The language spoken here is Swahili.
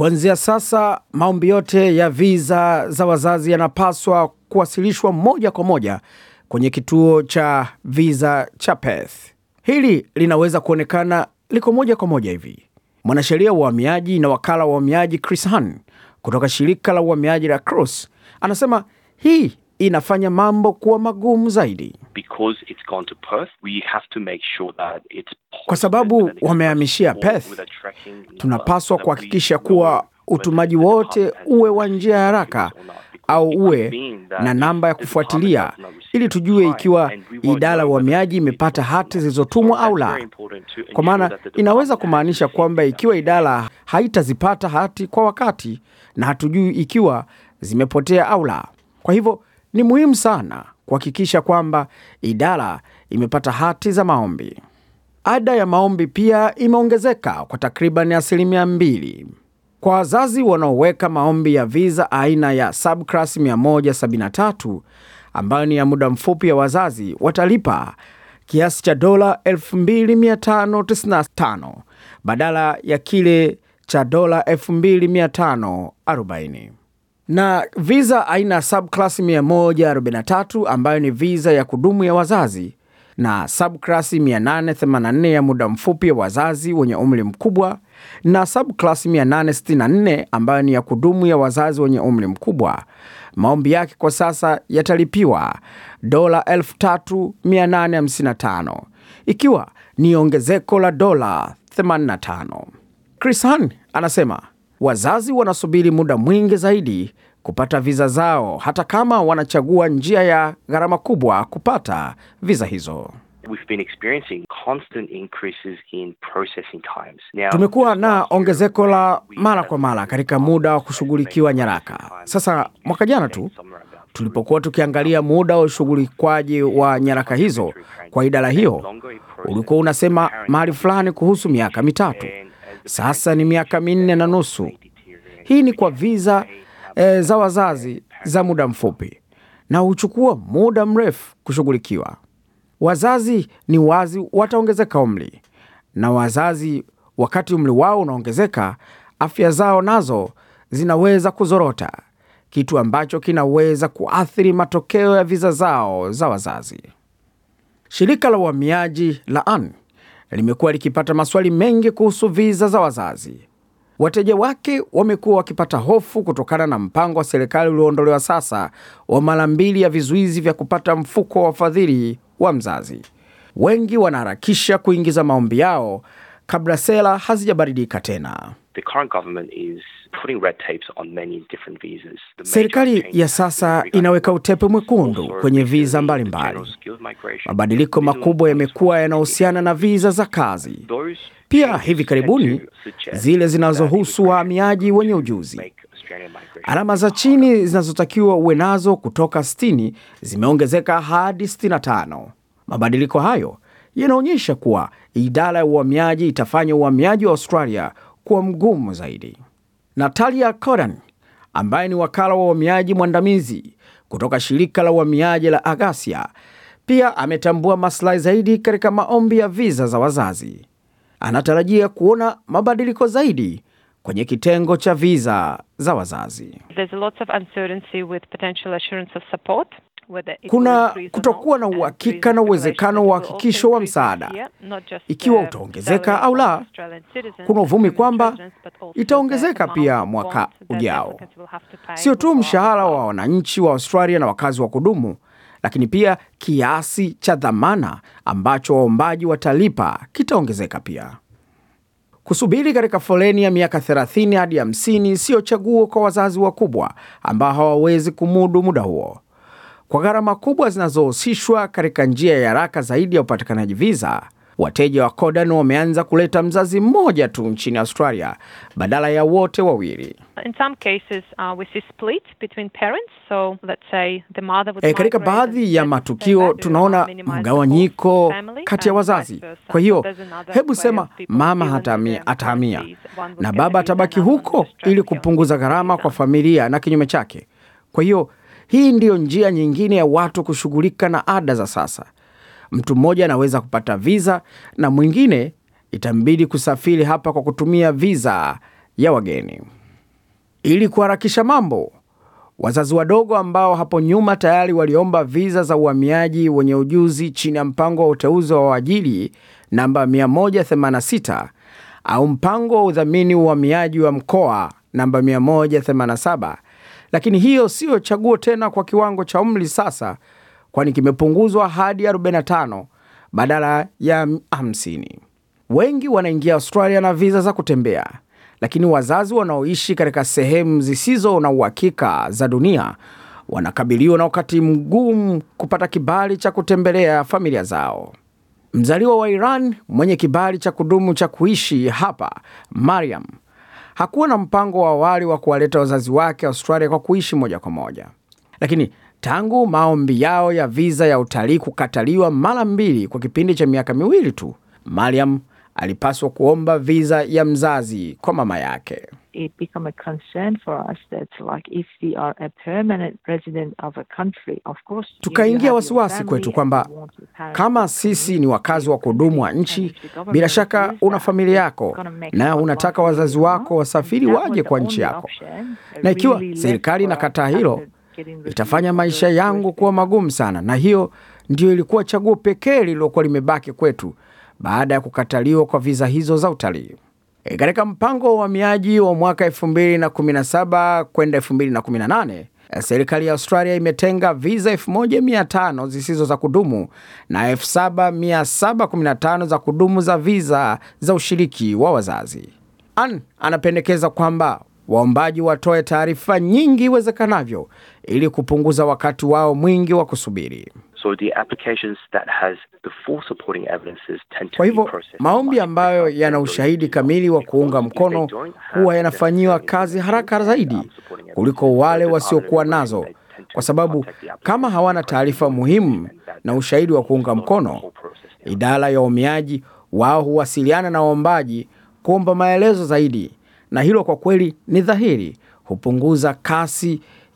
Kuanzia sasa maombi yote ya viza za wazazi yanapaswa kuwasilishwa moja kwa moja kwenye kituo cha viza cha Perth. Hili linaweza kuonekana liko moja kwa moja hivi. Mwanasheria wa uhamiaji na wakala wa uhamiaji Chris Han kutoka shirika la uhamiaji la Cross anasema hii inafanya mambo kuwa magumu zaidi. Kwa sababu wamehamishia Perth, tunapaswa kuhakikisha kuwa utumaji wote uwe wa njia ya haraka au uwe na namba ya kufuatilia ili tujue ikiwa idara ya uhamiaji imepata hati zilizotumwa au la, kwa maana inaweza kumaanisha kwamba ikiwa idara haitazipata hati kwa wakati na hatujui ikiwa zimepotea au la. Kwa hivyo ni muhimu sana kuhakikisha kwamba idara imepata hati za maombi. Ada ya maombi pia imeongezeka kwa takribani asilimia mbili kwa wazazi wanaoweka maombi ya viza aina ya subclass 173 ambayo ni ya muda mfupi ya wazazi watalipa kiasi cha dola 2595 badala ya kile cha dola 2540 na visa aina subclass 143 ambayo ni visa ya kudumu ya wazazi na subclass 884 ya muda mfupi ya wazazi wenye umri mkubwa na subclass 864 ambayo ni ya kudumu ya wazazi wenye umri mkubwa. Maombi yake kwa sasa yatalipiwa dola 3855 ikiwa ni ongezeko la dola 85. Chris Han anasema wazazi wanasubiri muda mwingi zaidi kupata viza zao hata kama wanachagua njia ya gharama kubwa kupata viza hizo. Tumekuwa na ongezeko la mara kwa mara katika muda wa kushughulikiwa nyaraka. Sasa mwaka jana tu tulipokuwa tukiangalia muda wa ushughulikwaji wa nyaraka hizo kwa idara hiyo, ulikuwa unasema mahali fulani kuhusu miaka mitatu, sasa ni miaka minne na nusu. Hii ni kwa viza e, za wazazi za muda mfupi na huchukua muda mrefu kushughulikiwa. Wazazi ni wazi wataongezeka umri, na wazazi, wakati umri wao unaongezeka, afya zao nazo zinaweza kuzorota, kitu ambacho kinaweza kuathiri matokeo ya viza zao za wazazi. Shirika la uhamiaji la UN limekuwa likipata maswali mengi kuhusu viza za wazazi. Wateja wake wamekuwa wakipata hofu kutokana na mpango wa serikali ulioondolewa sasa wa mara mbili ya vizuizi vya kupata mfuko wa wafadhili wa mzazi. Wengi wanaharakisha kuingiza maombi yao kabla sera hazijabadilika tena. Serikali ya sasa inaweka utepe mwekundu kwenye viza mbalimbali. Mabadiliko makubwa yamekuwa yanahusiana na viza za kazi, pia hivi karibuni zile zinazohusu wahamiaji wenye ujuzi. Alama za chini zinazotakiwa uwe nazo kutoka 60 zimeongezeka hadi 65. Mabadiliko hayo yanaonyesha kuwa idara ya uhamiaji itafanya uhamiaji wa Australia kuwa mgumu zaidi. Natalia Coran ambaye ni wakala wa uhamiaji mwandamizi kutoka shirika la uhamiaji la Agasia pia ametambua maslahi zaidi katika maombi ya viza za wazazi. Anatarajia kuona mabadiliko zaidi kwenye kitengo cha viza za wazazi. Kuna kutokuwa na uhakika na uwezekano wa hakikisho wa msaada ikiwa utaongezeka au la. Kuna uvumi kwamba itaongezeka pia mwaka ujao, sio tu mshahara wa wananchi wa Australia na wakazi wa kudumu, lakini pia kiasi cha dhamana ambacho waombaji watalipa kitaongezeka pia. Kusubiri katika foleni ya miaka 30 hadi 50 sio chaguo kwa wazazi wakubwa ambao hawawezi kumudu muda huo. Kwa gharama kubwa zinazohusishwa katika njia ya haraka zaidi ya upatikanaji viza wateja wa Kodan wameanza kuleta mzazi mmoja tu nchini Australia badala ya wote wawili. Uh, eh, katika baadhi ya matukio tunaona mgawanyiko kati ya wazazi. Kwa hiyo hebu sema mama atahamia, atahamia na baba atabaki huko ili kupunguza gharama kwa familia na kinyume chake. Kwa hiyo hii ndiyo njia nyingine ya watu kushughulika na ada za sasa. Mtu mmoja anaweza kupata viza na mwingine itambidi kusafiri hapa kwa kutumia viza ya wageni. Ili kuharakisha mambo, wazazi wadogo ambao hapo nyuma tayari waliomba viza za uhamiaji wenye ujuzi chini ya mpango wa uteuzi wa waajiri namba 186 au mpango wa udhamini wa uhamiaji wa mkoa namba 187 lakini hiyo siyo chaguo tena kwa kiwango cha umri sasa, kwani kimepunguzwa hadi 45 badala ya 50. Wengi wanaingia Australia na viza za kutembea, lakini wazazi wanaoishi katika sehemu zisizo na uhakika za dunia wanakabiliwa na wakati mgumu kupata kibali cha kutembelea familia zao. Mzaliwa wa Iran mwenye kibali cha kudumu cha kuishi hapa Mariam hakuwa na mpango wa awali wa kuwaleta wazazi wake Australia kwa kuishi moja kwa moja, lakini tangu maombi yao ya viza ya utalii kukataliwa mara mbili kwa kipindi cha miaka miwili tu, Mariam alipaswa kuomba viza ya mzazi kwa mama yake it become a concern for us that like if we are a permanent resident of a country of course, tukaingia wasiwasi kwetu kwamba kama sisi ni wakazi wa kudumu wa nchi, bila shaka una familia yako na unataka wazazi wako wasafiri waje kwa nchi yako, na ikiwa serikali inakataa hilo itafanya maisha yangu kuwa magumu sana, na hiyo ndio ilikuwa chaguo pekee lililokuwa limebaki kwetu baada ya kukataliwa kwa viza hizo za utalii. E, katika mpango wa uhamiaji wa mwaka 2017 kwenda 2018 e, serikali ya Australia imetenga viza 1500 zisizo za kudumu na 7715 za kudumu za viza za ushiriki wa wazazi. An anapendekeza kwamba waombaji watoe taarifa nyingi iwezekanavyo ili kupunguza wakati wao mwingi wa kusubiri. Kwa hivyo maombi ambayo yana ushahidi kamili wa kuunga mkono huwa yanafanyiwa kazi haraka zaidi kuliko wale wasiokuwa nazo, kwa sababu kama hawana taarifa muhimu na ushahidi wa kuunga mkono, idara ya uhamiaji wao huwasiliana na waombaji kuomba maelezo zaidi, na hilo kwa kweli ni dhahiri hupunguza kasi